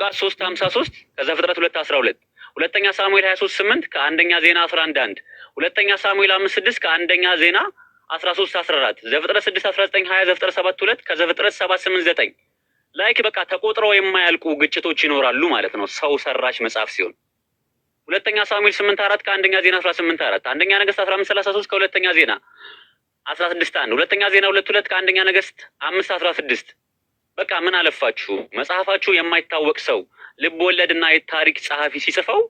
ሉቃስ 3 53 ከዘፍጥረት 2 12 ሁለተኛ ሳሙኤል 23 8 ከአንደኛ ዜና 11 1 ሁለተኛ ሳሙኤል 5 6 ከአንደኛ ዜና 13 14 ዘፍጥረት 6 19 20 ዘፍጥረት 7 2 ከዘፍጥረት 7 8 9 ላይክ በቃ ተቆጥረው የማያልቁ ግጭቶች ይኖራሉ ማለት ነው ሰው ሰራሽ መጽሐፍ ሲሆን ሁለተኛ ሳሙኤል 8 4 ከአንደኛ ዜና 18 4 አንደኛ ነገስት 15 33 ከሁለተኛ ዜና 16 1 ሁለተኛ ዜና 2 ከአንደኛ ነገስት 5 16 በቃ ምን አለፋችሁ መጽሐፋችሁ የማይታወቅ ሰው ልብ ወለድና የታሪክ ጸሐፊ ሲጽፈው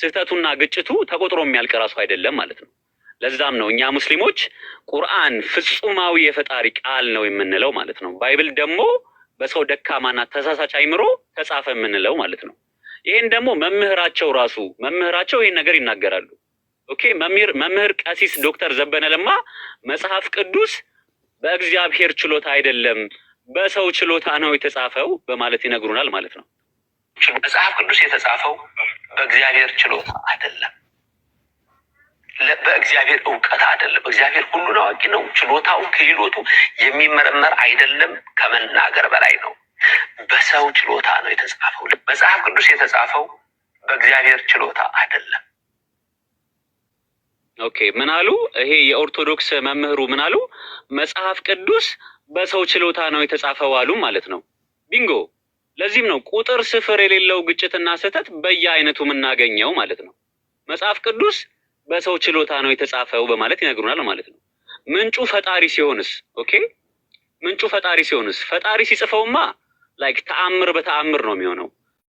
ስህተቱና ግጭቱ ተቆጥሮ የሚያልቅ ራሱ አይደለም ማለት ነው። ለዛም ነው እኛ ሙስሊሞች ቁርአን ፍጹማዊ የፈጣሪ ቃል ነው የምንለው ማለት ነው። ባይብል ደግሞ በሰው ደካማና ተሳሳች አይምሮ ተጻፈ የምንለው ማለት ነው። ይህን ደግሞ መምህራቸው ራሱ መምህራቸው ይህን ነገር ይናገራሉ። ኦኬ መምህር መምህር ቀሲስ ዶክተር ዘበነ ለማ መጽሐፍ ቅዱስ በእግዚአብሔር ችሎታ አይደለም በሰው ችሎታ ነው የተጻፈው በማለት ይነግሩናል ማለት ነው። መጽሐፍ ቅዱስ የተጻፈው በእግዚአብሔር ችሎታ አይደለም፣ በእግዚአብሔር እውቀት አይደለም። እግዚአብሔር ሁሉን አዋቂ ነው። ችሎታው ክህሎቱ የሚመረመር አይደለም፣ ከመናገር በላይ ነው። በሰው ችሎታ ነው የተጻፈው። መጽሐፍ ቅዱስ የተጻፈው በእግዚአብሔር ችሎታ አይደለም። ኦኬ ምን አሉ? ይሄ የኦርቶዶክስ መምህሩ ምን አሉ? መጽሐፍ ቅዱስ በሰው ችሎታ ነው የተጻፈው አሉ ማለት ነው። ቢንጎ። ለዚህም ነው ቁጥር ስፍር የሌለው ግጭትና ስህተት በየአይነቱ የምናገኘው ማለት ነው። መጽሐፍ ቅዱስ በሰው ችሎታ ነው የተጻፈው በማለት ይነግሩናል ማለት ነው። ምንጩ ፈጣሪ ሲሆንስ? ኦኬ ምንጩ ፈጣሪ ሲሆንስ? ፈጣሪ ሲጽፈውማ ላይክ ተአምር በተአምር ነው የሚሆነው